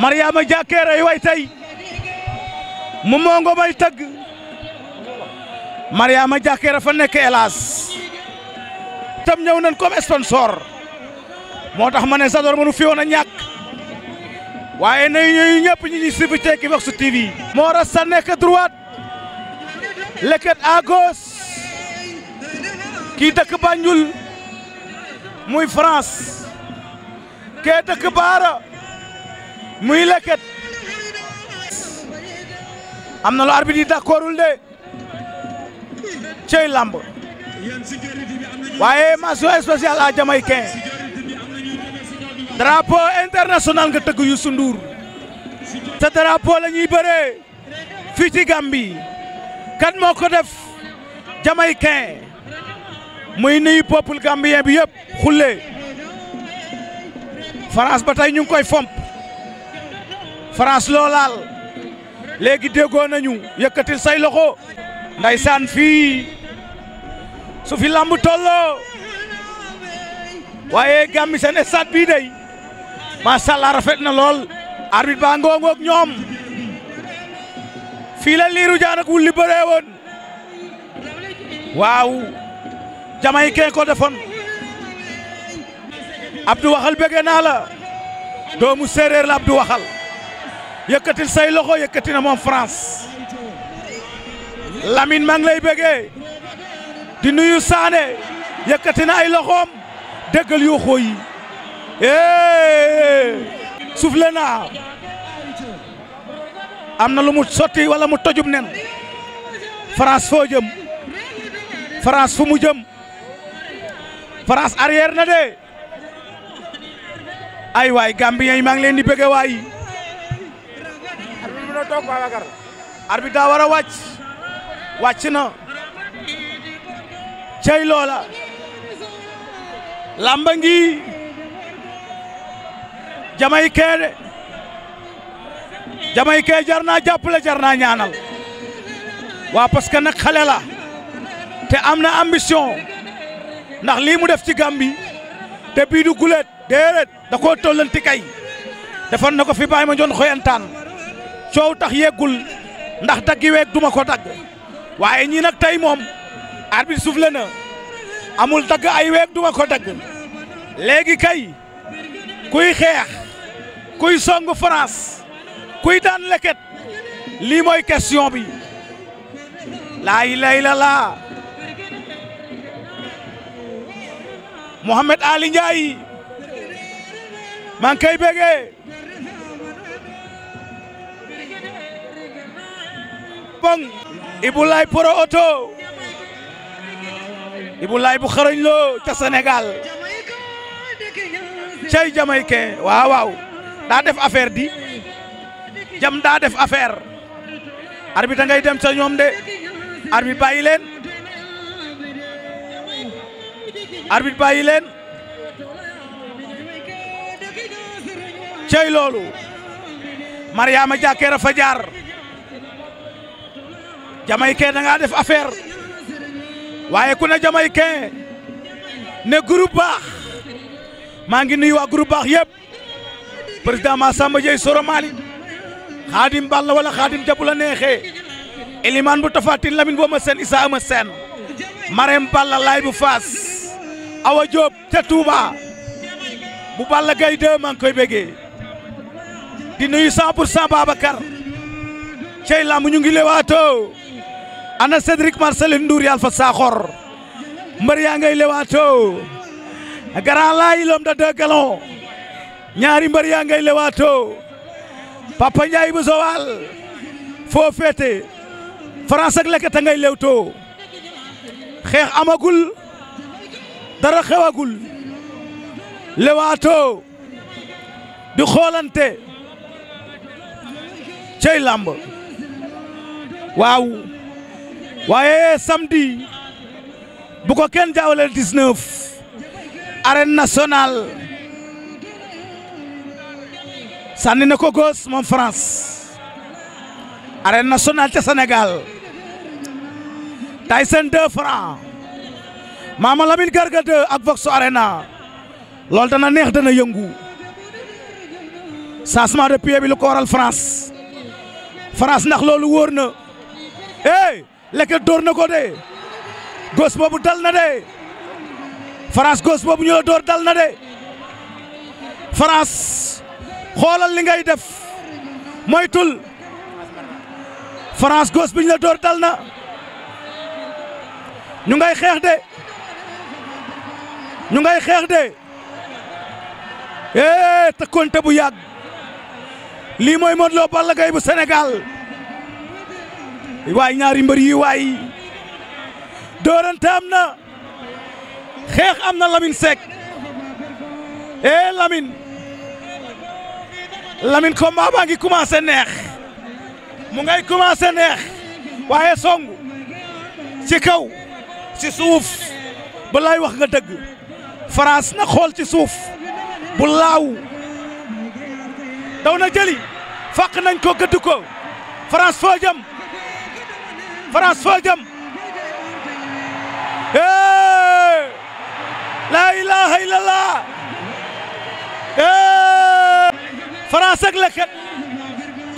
Mariama Jàkkeere way tey mu moongo may tëgg Mariama a fa nekk hélas tam ñëw nañ comme sponsor moo tax ma ne Zador mënu fi woon a ñàkk waaye nañu ñuy ñëpp ñi ñuy suivi ci Equivox TV. moo ras sa nekk droite leket à kii dëkk Banjul muy France kee dëkk Baara. muy leket am na lu arbitre yi d'accordul de cey lamb waaye mention spéciale à Jamaïcain drapeau international nga tëgg Youssou Ndour te drapeau la ñuy bëree fii ci Gambie kan moo ko def Jamaïcain muy nuyu peuple gambien bi yëpp xulle France ba tey ñu ngi koy fomp France loo laal léegi déggoo nañu yëkkatil say loxo ndaysaan fii su fi lamb tolloo waaye gàmmi seen stade bii day macha allah rafet na lool arbitre baa ngoongoog ñoom fii la liiru jaan ak wulli bëree woon waaw jamay ken ko defoon Abdou Waxal bëgg naa la doomu séeréer la Abdou Waxal yëkkatil say loxo yëkkati na moom France lamin maa ngi lay bëggee di nuyu saane yëkkati na ay loxoom déggal yuuxoo yi soufflé naa am na lu mu sotti wala mu tojub nen France foo jëm France fu mu jëm France arrière na de ay waay Gambien yi maa ngi leen di bëggee waay toog Babacar. arbitre daa war a wàcc wàcc na cey loola lamba ngi jamay kee de kee jar naa jàppale jar naa ñaanal waaw parce que nag xale te am na ambition ndax lii mu def ci Gàmbi te bii du guleet déedéet da koo tollanti kay defoon na ko fi bàyyi ma njoon xoyantaan coow tax yeggul ndax daggi weeg duma ko dagg waaye ñii nag tey moom arbitre soufflé na amul dagg ay weeg duma ko dagg léegi kay kuy xeex kuy song France kuy daan leket lii mooy question bi laa ilaha illallah Mouhamed Ali Ndiaye maa ngi koy Pong Ibulaay Pro Auto Ibulaay bu xarañ loo ca Sénégal cey jamaïcain waaw daa def affaire di jam daa def affaire arbitre ngay dem sa ñoom de arbitre bàyyi leen arbitre bàyyi leen cey loolu Mariama Jàkkeer a fa jamaïcain da ngaa def affaire waaye ku ne jamaïcain ne groupe baax maa ngi nuyu wax groupe baax yëpp président Massamba Dieye Soro Mali xaadim bal la xaadim jabu la neexee Eliman bu Tafatin Lamine boo ma seen Issa ama seen Marème Balla laay bu Faas Awa Diop te Touba bu Balla Gaye 2 koy béggee di nuyu 100 pour 100 Babacar cey lamb ñu ngi lewaatoo ana Cédric Marcelin Ndour yal fa saaxoor mbër yaa ngay lewaatoo grand laay l'homme de deux ñaari mbër yaa ngay lewaatoo Papa Ndiaye bu Joal foo féete France ak ngay lewtoo xeex amagul dara xewagul lewaatoo di xoolante cey làmb waaw waaye samedi bu ko kenn jaawaleel 19 arène nationale sànni na ko gos moom France arène nationale ca Sénégal Tyson 2 francs Mama Lamine Garga 2 ak Vox Arena loolu dana neex dana yëngu changement de pied bi lu ko waral France France ndax loolu wóor na hey Leket door na ko de gos boobu dal na de France gos boobu ñu la door dal na de France xoolal li ngay def moytul France gos bi ñu la door dal na ñu ngay xeex de ñu ngay xeex de eh te bu yàgg lii mooy Modou Lo Balla Gaye bu Sénégal. waay ñaari mbër yi waay doorante am na xeex am na Lamine Seck lamin lamin Lamine combat baa ngi commencé neex mu ngay commencé neex waaye song ci kaw ci suuf ba lay wax nga dëgg France na xool ci suuf bu laaw daw na jëli fàq nañ ko gëdd ko France foo jëm France foo jëm laa ilaaha illallah eh France leket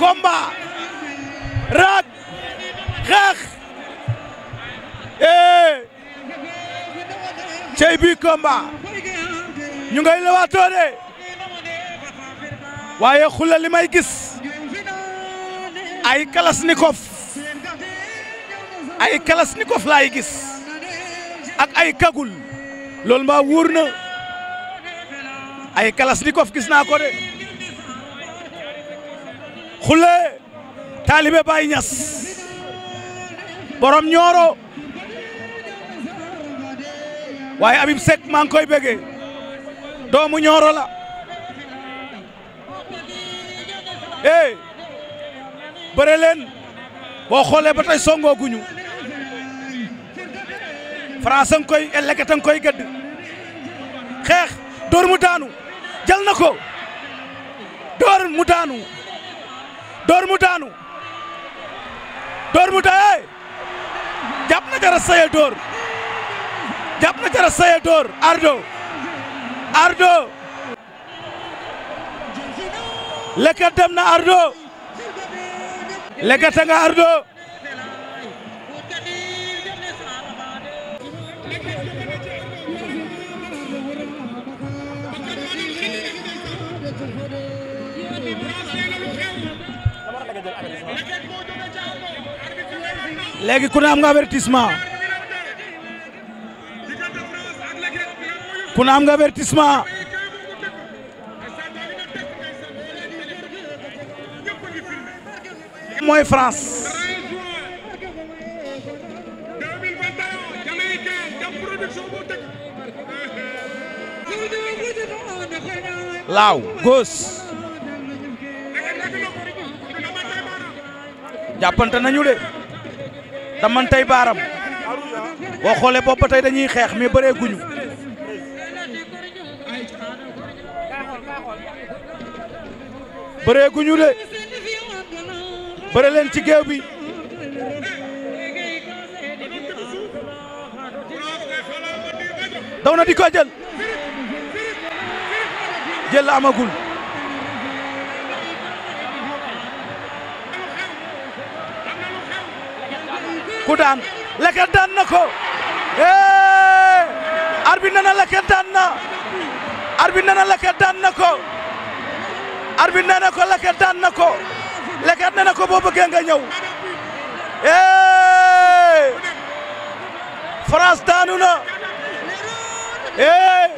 combat raag xeex eh cey bi combat ñu ngay lewaatoo waaye xula li may gis ay kalasnikof ay kalashnikov laay gis ak ay kagul loolu mbaa wóor na ay kalashnikov gis naa ko de xule taalibe Baay Ñas borom ñooro waaye Habib Seck maa ngi koy bëggee doomu ñooro la eh bëre boo xoolee ba tey songooguñu France nga koy Leket koy gëdd xeex door mu daanu jël na ko door mu daanu door mu daanu door mu daanu jàpp na jara saye door jàpp na jara door ardo ardo Leket ardo jël avertissement léegi ku ne am nga avertissement ku ne am nga avertissement mooy France Laaw gos jàppante nañu de daman baaram boo xoolee bopp dañuy xeex mais bëree guñu bëree leen ci géew bi daw na di ko jël jël amagul ku daan leket na ko eh arbitre nee na leket daan na arbitre nee na leket na ko arbitre nee na ko leket daan ko leket nee ko boo bëggee nga ñëw eh France